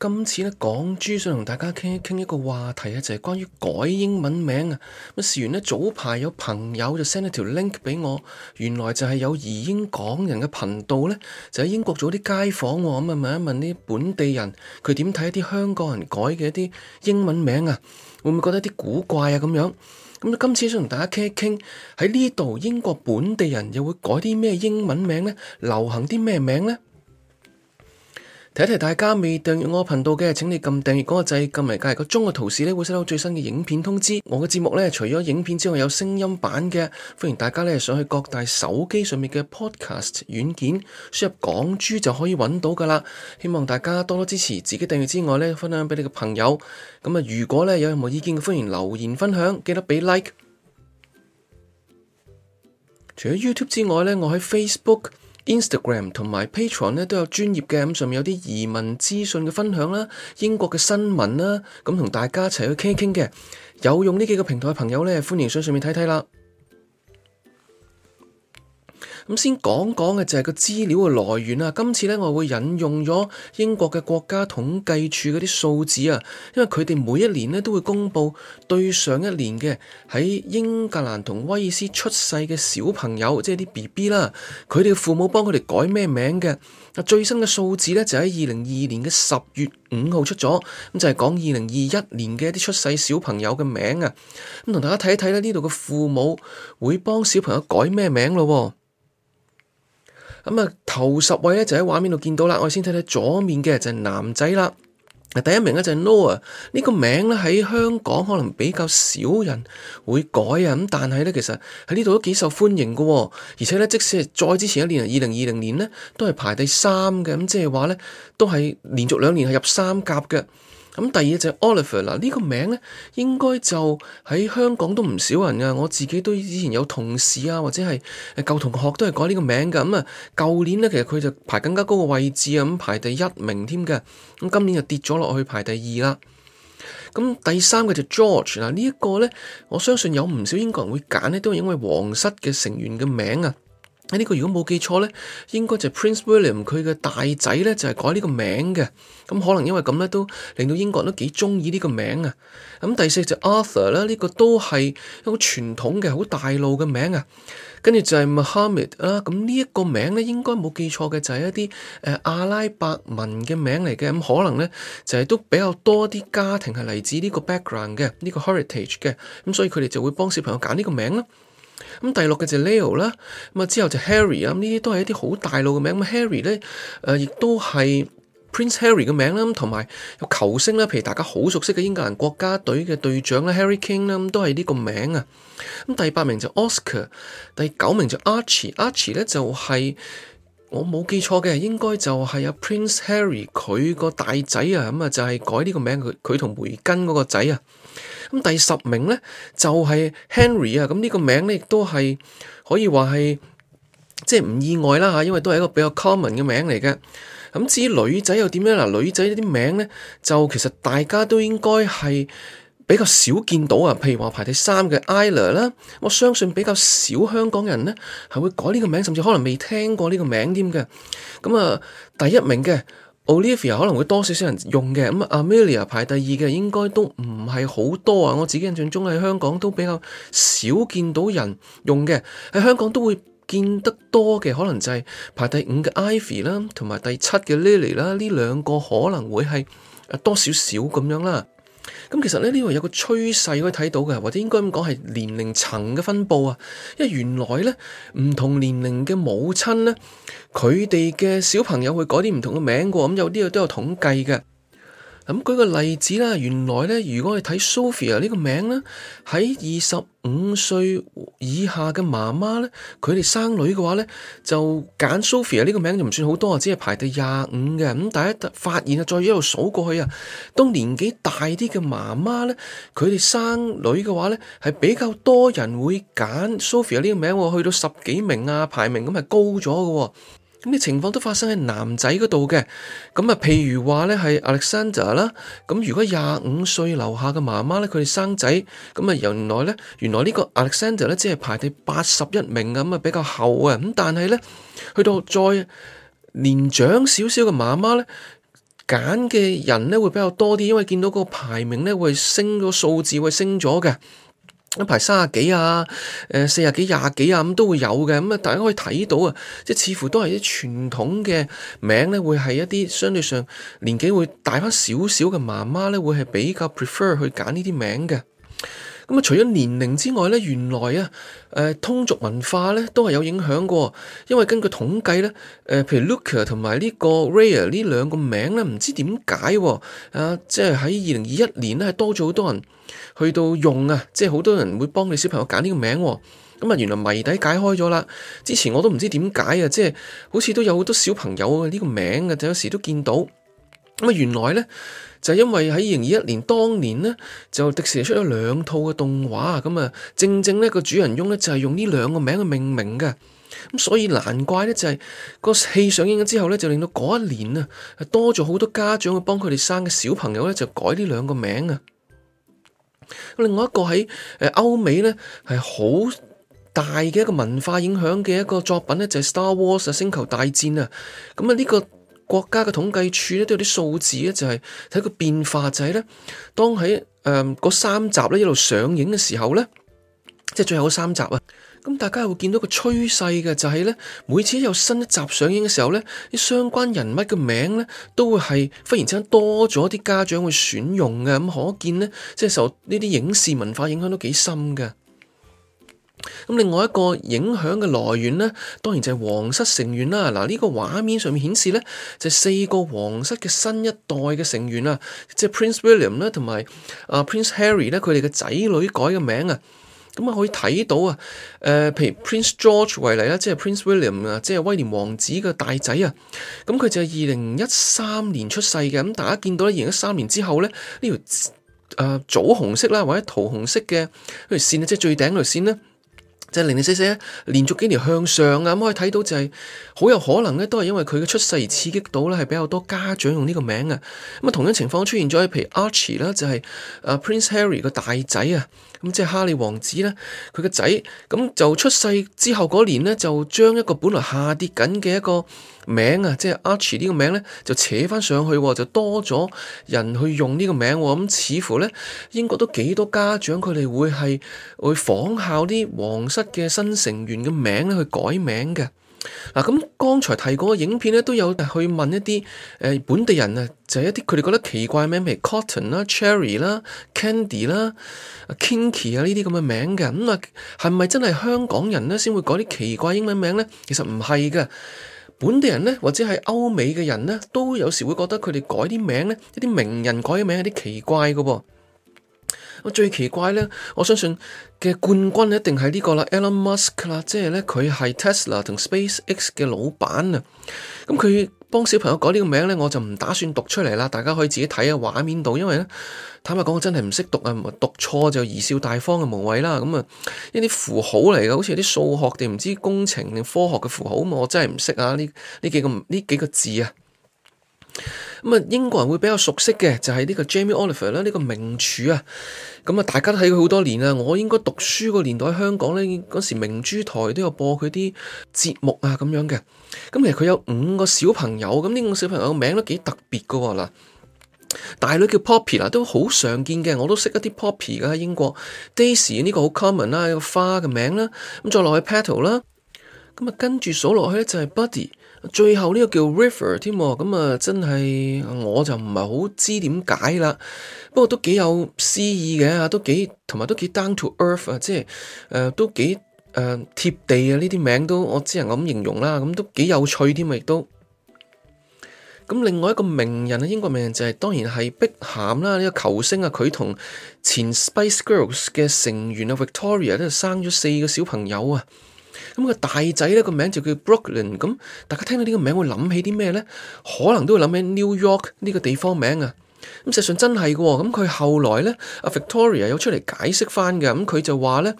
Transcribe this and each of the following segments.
今次呢，港珠想同大家傾一傾一個話題啊，就係關於改英文名啊。咁事緣呢，早排有朋友就 send 咗條 link 俾我，原來就係有移英港人嘅頻道呢，就喺英國做啲街訪，咁啊問一問啲本地人，佢點睇一啲香港人改嘅一啲英文名啊？會唔會覺得啲古怪啊？咁樣咁，今次想同大家傾一傾，喺呢度英國本地人又會改啲咩英文名呢？流行啲咩名呢？提提大家未訂閱我頻道嘅，請你撳訂閱嗰個掣，撳埋隔離個鐘個圖示呢，會收到最新嘅影片通知。我嘅節目呢，除咗影片之外，有聲音版嘅，歡迎大家呢，上去各大手機上面嘅 Podcast 軟件輸入港珠就可以揾到噶啦。希望大家多多支持，自己訂閱之外呢，分享俾你嘅朋友。咁啊，如果呢有任何意見，歡迎留言分享，記得俾 like。除咗 YouTube 之外呢，我喺 Facebook。Instagram 同埋 Patreon 都有專業嘅，咁上面有啲移民資訊嘅分享啦，英國嘅新聞啦，咁同大家一齊去傾傾嘅，有用呢幾個平台嘅朋友咧，歡迎上上面睇睇啦。咁先講講嘅就係個資料嘅來源啦。今次咧，我會引用咗英國嘅國家統計處嗰啲數字啊，因為佢哋每一年咧都會公布對上一年嘅喺英格蘭同威爾斯出世嘅小朋友，即係啲 BB 啦，佢哋嘅父母幫佢哋改咩名嘅。最新嘅數字咧就喺二零二二年嘅十月五號出咗，咁就係講二零二一年嘅一啲出世小朋友嘅名啊。咁同大家睇一睇呢度嘅父母會幫小朋友改咩名咯。咁啊，頭十位咧就喺畫面度見到啦。我哋先睇睇左面嘅就係男仔啦。第一名咧就係 Noah。呢個名咧喺香港可能比較少人會改啊。咁但係咧，其實喺呢度都幾受歡迎嘅，哦。而且咧，即使係再之前一年，二零二零年咧都係排第三嘅。咁即係話咧，都係連續兩年係入三甲嘅。咁第二就 Oliver 啦，呢個名咧，應該就喺香港都唔少人噶，我自己都以前有同事啊，或者係舊同學都係改呢個名噶。咁、嗯、啊，舊年咧其實佢就排更加高嘅位置啊，咁、嗯、排第一名添嘅。咁、嗯、今年就跌咗落去排第二啦。咁、嗯、第三個就 George 啦，呢一個咧，我相信有唔少英國人會揀咧，都係因為皇室嘅成員嘅名啊。呢個如果冇記錯咧，應該就係 Prince William 佢嘅大仔咧就係，是，改呢個名嘅。咁可能因為咁咧，都令到英國人都幾鍾意呢個名啊。咁、嗯、第四就 Arthur 啦，呢個都係一個傳統嘅好大路嘅名，oh，amed，啊。跟住就係 Mohammed 啦。咁呢一個名咧，應該冇記錯嘅就係，是，一啲誒，呃、阿拉伯文嘅名嚟嘅。咁、嗯、可能咧就係，是，都比較多啲家庭係嚟自呢個 background 嘅呢、這個 heritage 嘅。咁、嗯、所以佢哋就會幫小朋友揀呢個名啦。咁第六嘅就 Leo 啦，咁啊之後就 Harry 啊，Harry 呢啲都係一啲好大路嘅名。咁 Harry 咧，誒亦都係 Prince Harry 嘅名啦。同埋有球星啦，譬如大家好熟悉嘅英格蘭國家隊嘅隊長啦，Harry King 啦，都係呢個名啊。咁第八名就 Oscar，第九名就 ar Archie，Archie 咧就係、是。我冇記錯嘅，應該就係阿 Prince Harry 佢個大仔啊，咁啊就係改呢個名佢佢同梅根嗰個仔啊。咁第十名呢，就係 Henry 啊，咁呢個名呢，亦都係可以話係即係唔意外啦嚇，因為都係一個比較 common 嘅名嚟嘅。咁至於女仔又點樣嗱？女仔呢啲名呢，就其實大家都應該係。比較少見到啊，譬如話排第三嘅 Isla 啦，我相信比較少香港人呢係會改呢個名，甚至可能未聽過呢個名添嘅。咁啊，第一名嘅 Olivia 可能會多少少人用嘅。咁啊 Amelia 排第二嘅應該都唔係好多啊，我自己印象中喺香港都比較少見到人用嘅。喺香港都會見得多嘅，可能就係排第五嘅 Ivy 啦，同埋第七嘅 Lily 啦，呢兩個可能會係多少少咁樣啦。咁其實咧呢個有個趨勢可以睇到嘅，或者應該咁講，係年齡層嘅分布啊，因為原來咧唔同年齡嘅母親咧，佢哋嘅小朋友會改啲唔同嘅名嘅，咁有啲都有統計嘅。咁舉個例子啦，原來咧，如果我睇 Sophia 呢個名咧，喺二十五歲以下嘅媽媽咧，佢哋生女嘅話咧，就揀 Sophia 呢個名就唔算好多啊，只係排第廿五嘅。咁第一發現啊，再一路數過去啊，當年紀大啲嘅媽媽咧，佢哋生女嘅話咧，係比較多人會揀 Sophia 呢個名，去到十幾名啊，排名咁係高咗嘅。咁啲情況都發生喺男仔嗰度嘅。咁啊，譬如話咧係 Alexander 啦，咁如果廿五歲樓下嘅媽媽咧，佢哋生仔，咁啊，原來咧，原來呢個 Alexander 咧，只係排第八十一名咁啊，比較後啊，咁但係咧，去到再年長少少嘅媽媽咧，揀嘅人咧會比較多啲，因為見到個排名咧會升個數字會升咗嘅。排三十幾啊，誒四十幾廿幾啊，咁都會有嘅。咁啊，大家可以睇到啊，即係似乎都係啲傳統嘅名咧，會係一啲相對上年紀會大返少少嘅媽媽咧，會係比較 prefer 去揀呢啲名嘅。咁啊，除咗年齡之外咧，原來啊，誒，通俗文化咧都係有影響嘅，因為根據統計咧，誒，譬如 Luca 同埋呢個 Ria 呢兩個名咧，唔知點解喎啊，即係喺二零二一年咧，多咗好多人去到用啊，即係好多人會幫你小朋友揀呢個名喎，咁啊，原來謎底解開咗啦。之前我都唔知點解啊，即係好似都有好多小朋友呢、這個名嘅，就有時都見到。咁原來呢，就係因為喺二零二一年當年呢，就迪士尼出咗兩套嘅動畫咁啊，正正呢個主人翁呢，就係用呢兩個名去命名嘅，咁所以難怪呢，就係個戲上映咗之後呢，就令到嗰一年啊，多咗好多家長去幫佢哋生嘅小朋友呢，就改呢兩個名啊。另外一個喺誒歐美呢，係好大嘅一個文化影響嘅一個作品呢，就係《Star Wars》星球大戰啊，咁啊呢個，國家嘅統計處咧都有啲數字咧，就係睇個變化，就係咧當喺誒嗰三集咧一路上映嘅時候咧，即係最後三集啊！咁大家會見到個趨勢嘅，就係咧每次有新一集上映嘅時候咧，啲相關人物嘅名咧都會係忽然之間多咗啲家長去選用嘅，咁可見咧即係受呢啲影視文化影響都幾深嘅。咁另外一個影響嘅來源呢，當然就係皇室成員啦。嗱，呢個畫面上面顯示呢，就係、四個皇室嘅新一代嘅成員啊，即係 Prince William 咧，同埋啊 Prince Harry 咧，佢哋嘅仔女改嘅名啊，咁、嗯、啊可以睇到啊，誒、呃，譬如 Prince George 為例啦，即係 Prince William 啊，即係威廉王子嘅大仔啊，咁、嗯、佢就係二零一三年出世嘅。咁、嗯、大家見到咧，二零一三年之後咧，呢條誒棗、呃、紅色啦或者桃紅色嘅，譬如綫即係最頂嗰條綫咧。即係零零四四，連續幾年向上啊！咁可以睇到就係、是、好有可能咧，都係因為佢嘅出世而刺激到咧，係比較多家長用呢個名嘅。咁啊，同樣情況出現咗喺譬如 Archie 啦，就係啊 Prince Harry 個大仔啊。咁即係哈利王子咧，佢個仔咁就出世之後嗰年咧，就將一個本來下跌緊嘅一個名啊，即係阿奇呢個名咧，就扯翻上去喎，就多咗人去用呢個名喎。咁、嗯、似乎咧，英國都幾多家長佢哋會係會仿效啲皇室嘅新成員嘅名去改名嘅。嗱，咁剛、啊、才提過嘅影片咧，都有去問一啲誒、呃、本地人啊，就係、是、一啲佢哋覺得奇怪嘅名，譬如 Cotton 啦、Cherry 啦、Candy 啦、Kinky 啊呢啲咁嘅名嘅，咁啊，係咪、嗯、真係香港人咧先會改啲奇怪英文名咧？其實唔係嘅，本地人咧或者係歐美嘅人咧，都有時會覺得佢哋改啲名咧，一啲名人改嘅名係啲奇怪嘅噃。我最奇怪呢，我相信嘅冠軍一定係呢個啦，Elon Musk 啦，即係呢，佢係 Tesla 同 SpaceX 嘅老闆啊。咁佢幫小朋友改呢個名呢，我就唔打算讀出嚟啦，大家可以自己睇下畫面度，因為呢，坦白講，我真係唔識讀啊，讀錯就貽笑大方嘅無謂啦。咁啊，一啲符號嚟嘅，好似啲數學定唔知工程定科學嘅符號，咁我真係唔識啊，呢呢幾個呢幾個字啊。英國人會比較熟悉嘅就係、是、呢個 Jamie Oliver 啦，呢個名廚啊。咁啊，大家都睇佢好多年啦。我應該讀書個年代，香港呢嗰時明珠台都有播佢啲節目啊咁樣嘅。咁其實佢有五個小朋友，咁呢五個小朋友名都幾特別噶喎。大女叫 Poppy 啦，都好常見嘅，我都識一啲 Poppy 嘅喺英國。Daisy 呢個好 common 啦，有個花嘅名啦。咁再落去 petal 啦。咁啊，跟住數落去咧就係 Buddy。最後呢個叫 River 添，咁啊真係我就唔係好知點解啦，不過都幾有詩意嘅，都幾同埋都幾 down to earth 啊，即係誒都幾誒貼地啊，呢啲名都我只能咁形容啦，咁都幾有趣添啊，亦都咁另外一個名人啊，英國名人就係當然係碧咸啦，呢個球星啊，佢同前 Spice Girls 嘅成員啊 Victoria 都生咗四個小朋友啊。咁個大仔咧，個名就叫 Brooklyn。咁大家聽到呢個名會諗起啲咩咧？可能都會諗起 New York 呢個地方名啊。咁實際上真係嘅，咁佢後來咧，阿 Victoria 有出嚟解釋翻嘅，咁佢就話咧，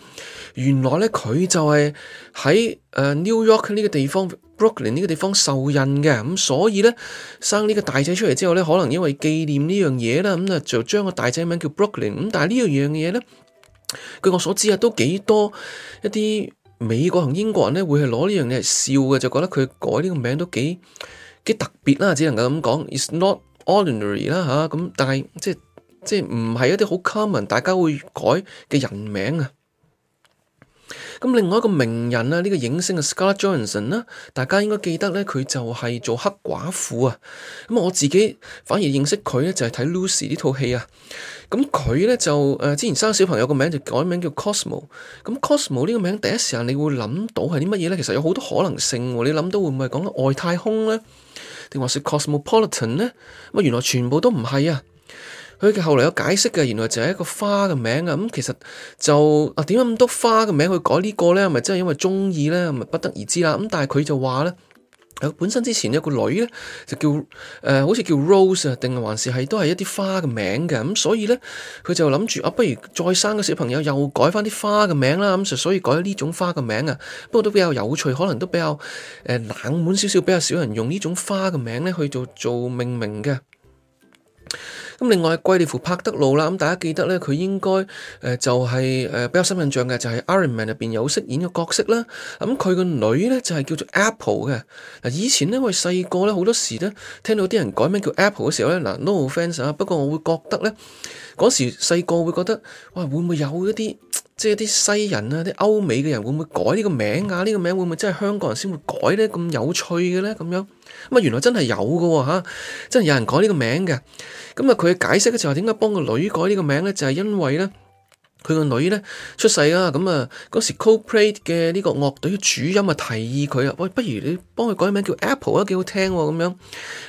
原來咧佢就係喺誒 New York 呢個地方，Brooklyn 呢個地方受孕嘅，咁所以咧生呢個大仔出嚟之後咧，可能因為紀念呢樣嘢啦，咁啊就將個大仔名叫 Brooklyn。咁但係呢樣嘢咧，據我所知啊，都幾多一啲。美國同英國人咧會係攞呢樣嘢嚟笑嘅，就覺得佢改呢個名都幾幾特別啦，只能夠咁講，It's not ordinary 啦嚇咁，但係即係即係唔係一啲好 common 大家會改嘅人名啊。咁另外一個名人啊，呢、這個影星啊 Scarlett Johansson 呢，大家應該記得呢，佢就係做黑寡婦啊。咁我自己反而認識佢呢，就係睇 Lucy 呢套戲啊。咁佢呢，就誒，之前生小朋友個名就改名叫 Cosmo。咁、嗯、Cosmo 呢個名第一時間你會諗到係啲乜嘢呢？其實有好多可能性，啊，你諗到會唔會係講緊外太空呢？定話說 Cosmopolitan 呢？咁原來全部都唔係啊。佢後嚟有解釋嘅，原來就係一個花嘅名啊！咁其實就啊點解咁多花嘅名去改個呢個咧？咪真係因為鍾意咧？咪不，不得而知啦！咁但係佢就話咧，本身之前有個女咧就叫誒、呃，好似叫 Rose 啊，定還是係都係一啲花嘅名嘅咁、嗯，所以咧佢就諗住啊，不如再生個小朋友又改返啲花嘅名啦！咁、嗯、所以改咗呢種花嘅名啊，不過都比較有趣，可能都比較誒冷門少少，比較少人用呢種花嘅名咧去做做命名嘅。咁另外，貴利芙柏德路啦，咁大家記得咧，佢應該誒就係誒比較深印象嘅，就係、是、Iron Man 入邊有飾演嘅角色啦。咁佢個女咧就係叫做 Apple 嘅。嗱，以前咧我係細個咧，好多時咧聽到啲人改名叫 Apple 嘅時候咧，嗱，No offense 啊。不過我會覺得咧，嗰時細個會覺得，哇，會唔會有一啲？即係啲西人啊，啲歐美嘅人會唔會改呢個名啊？呢個名會唔會真係香港人先會改呢？咁有趣嘅咧，咁樣咁啊！原來真係有嘅喎嚇，真係有人改呢個名嘅。咁啊，佢解釋嘅就係點解幫個女改呢個名咧？就係因為咧。佢個女咧出世啊，咁啊嗰時 Coldplay 嘅呢個樂隊主音啊，提議佢啊，喂、哎，不如你幫佢改名叫 Apple 啊，幾好聽喎、哦、咁樣，咁、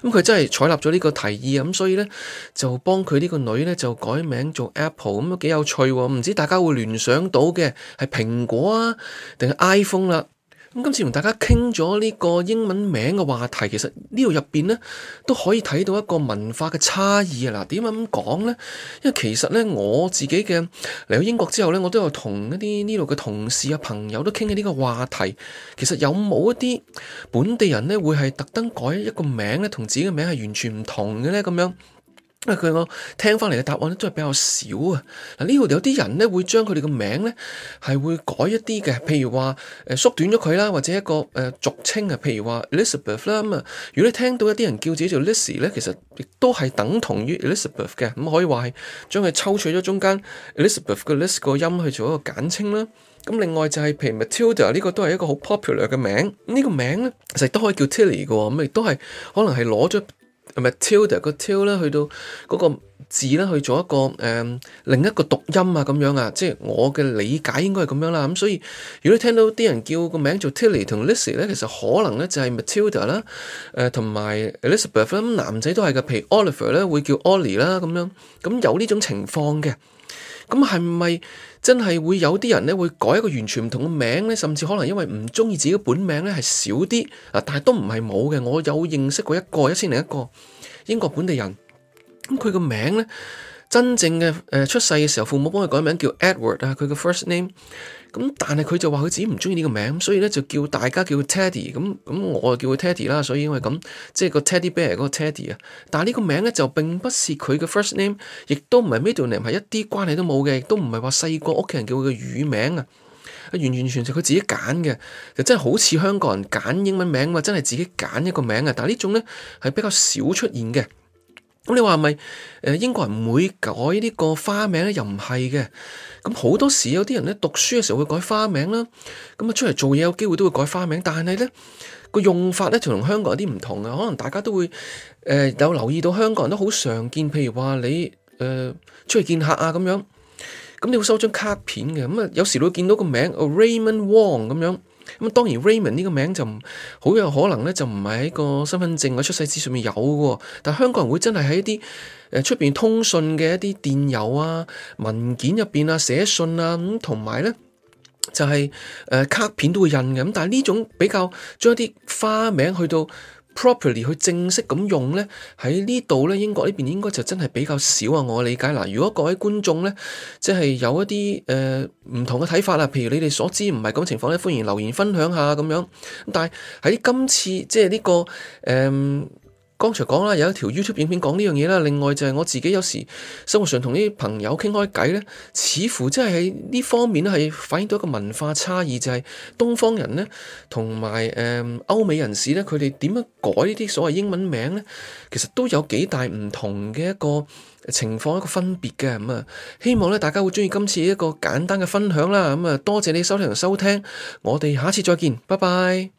嗯、佢真係採納咗呢個提議啊，咁、嗯、所以咧就幫佢呢個女咧就改名做 Apple，咁、嗯、啊幾有趣喎、哦，唔知大家會聯想到嘅係蘋果啊，定係 iPhone 啦、啊。咁今次同大家傾咗呢個英文名嘅話題，其實裏裏面呢度入邊咧都可以睇到一個文化嘅差異啊！嗱，點解咁講咧？因為其實咧我自己嘅嚟到英國之後咧，我都有同一啲呢度嘅同事啊朋友都傾緊呢個話題。其實有冇一啲本地人咧會係特登改一個名咧，同自己嘅名係完全唔同嘅咧？咁樣。啊！佢我聽翻嚟嘅答案咧，都係比較少啊。嗱，呢度有啲人咧會將佢哋嘅名咧係會改一啲嘅，譬如話誒縮短咗佢啦，或者一個誒俗稱啊，譬如話 Elizabeth 啦、嗯。咁啊，如果你聽到一啲人叫自己做 Lizzie 咧，其實亦都係等同於 Elizabeth 嘅，咁、嗯、可以話係將佢抽取咗中間 Elizabeth 嘅 Liz 個音去做一個簡稱啦。咁、嗯、另外就係譬如 Matilda 呢個都係一個好 popular 嘅名，呢、嗯這個名咧其實都可以叫 Tilly 嘅喎，咁、嗯、亦都係可能係攞咗。Matilda 個 T l 咧，去到嗰個字咧去做一個誒、呃、另一個讀音啊咁樣啊，即係我嘅理解應該係咁樣啦。咁、嗯、所以如果你聽到啲人叫個名做 Tilly 同 Lizzie 咧，其實可能咧就係 Matilda 啦、呃，誒同埋 Elizabeth 咁男仔都係嘅，譬如 Oliver 咧會叫 Ollie 啦咁樣，咁、嗯、有呢種情況嘅，咁係咪？是真係會有啲人咧會改一個完全唔同嘅名咧，甚至可能因為唔中意自己嘅本名咧係少啲啊，但係都唔係冇嘅，我有認識過一個一千零一個英國本地人，咁佢個名咧。真正嘅誒、呃、出世嘅時候，父母幫佢改名叫 Edward 啊，佢嘅 first name、嗯。咁但係佢就話佢自己唔中意呢個名，所以咧就叫大家叫 Teddy、嗯。咁、嗯、咁我就叫佢 Teddy 啦，所以因為咁即係個 Teddy Bear 嗰個 Teddy 啊。但係呢個名咧就並不是佢嘅 first name，亦都唔係 middle name，係一啲關係都冇嘅，亦都唔係話細個屋企人叫佢嘅乳名啊，完完全全佢自己揀嘅，就真係好似香港人揀英文名啊，真係自己揀一個名啊。但係呢種咧係比較少出現嘅。咁你話係咪？英國人唔會改呢個花名咧，又唔係嘅。咁好多時有啲人咧讀書嘅時候會改花名啦。咁啊，出嚟做嘢有機會都會改花名，但係咧個用法咧就同香港有啲唔同啊。可能大家都會誒、呃、有留意到，香港人都好常見，譬如話你誒、呃、出嚟見客啊，咁樣咁你會收張卡片嘅。咁啊，有時你會見到個名 Raymond Wong 咁樣。咁啊，當然 Raymond 呢個名就好有可能咧，就唔係喺個身份證或出世紙上面有嘅。但香港人會真係喺一啲誒出邊通訊嘅一啲電郵啊、文件入邊啊、寫信啊，咁同埋咧就係、是、誒、呃、卡片都會印嘅。咁但係呢種比較將一啲花名去到 properly 去正式咁用咧，喺呢度咧英國呢邊應該就真係比較少啊！我理解嗱，如果各位觀眾咧，即係有一啲誒唔同嘅睇法啊，譬如你哋所知唔係咁情況咧，歡迎留言分享下咁樣。但係喺今次即係呢、呢個誒，呃剛才講啦，有一條 YouTube 影片講呢樣嘢啦。另外就係我自己有時生活上同啲朋友傾開偈咧，似乎真係喺呢方面咧係反映到一個文化差異，就係東方人咧同埋誒歐美人士咧，佢哋點樣改呢啲所謂英文名咧，其實都有幾大唔同嘅一個情況一個分別嘅。咁啊，希望咧大家會鍾意今次一個簡單嘅分享啦。咁啊，多謝你收聽同收聽，我哋下次再見，拜拜。